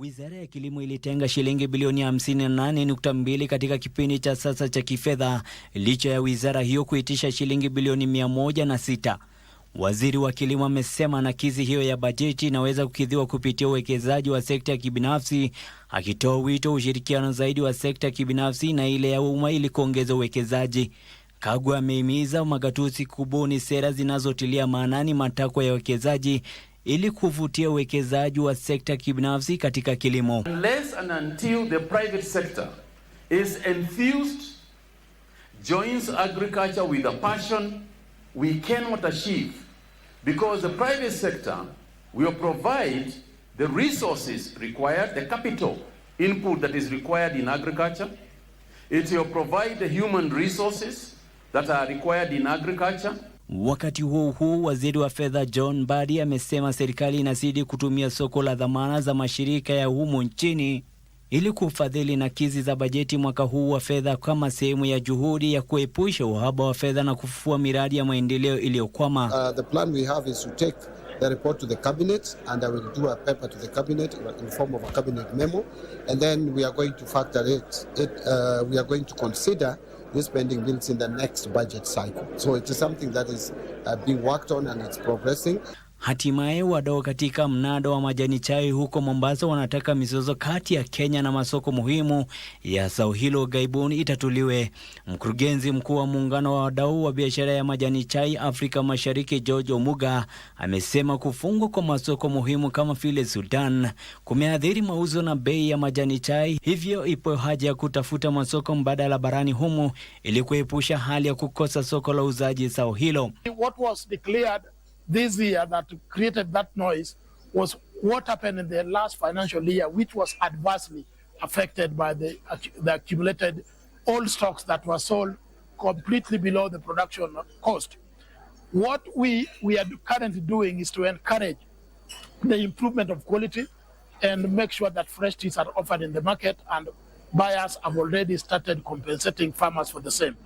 Wizara ya Kilimo ilitenga shilingi bilioni 58.2 katika kipindi cha sasa cha kifedha licha ya wizara hiyo kuitisha shilingi bilioni 106. Waziri wa Kilimo amesema nakisi hiyo ya bajeti inaweza kukidhiwa kupitia uwekezaji wa sekta ya kibinafsi, akitoa wito ushirikiano zaidi wa sekta ya kibinafsi na ile ya umma ili kuongeza uwekezaji. Kagwe amehimiza magatusi kubuni sera zinazotilia maanani matakwa ya wawekezaji ili kuvutia uwekezaji wa sekta kibinafsi katika kilimo. Unless and until the private sector is enthused, joins agriculture with a passion, we cannot achieve because the private sector will provide the resources required, the capital input that is required in agriculture. It will provide the human resources that are required in agriculture. Wakati huo huo, waziri wa fedha John Mbadi amesema serikali inazidi kutumia soko la dhamana za mashirika ya humo nchini ili kufadhili nakizi za bajeti mwaka huu wa fedha kama sehemu ya juhudi ya kuepusha uhaba wa fedha na kufufua miradi ya maendeleo iliyokwama. Uh, This spending builds in the next budget cycle. So it is something that is uh, being worked on and it's progressing. Hatimaye wadau katika mnada wa majani chai huko Mombasa wanataka mizozo kati ya Kenya na masoko muhimu ya zao hilo gaibuni itatuliwe. Mkurugenzi mkuu wa muungano wa wadau wa biashara ya majani chai Afrika Mashariki, George Omuga, amesema kufungwa kwa masoko muhimu kama vile Sudan kumeathiri mauzo na bei ya majani chai, hivyo ipo haja ya kutafuta masoko mbadala barani humu ili kuepusha hali ya kukosa soko la uzaji zao hilo. What was declared this year that created that noise was what happened in the last financial year, which was adversely affected by the, the accumulated old stocks that were sold completely below the production cost. What we, we are currently doing is to encourage the improvement of quality and make sure that fresh teas are offered in the market and buyers have already started compensating farmers for the same.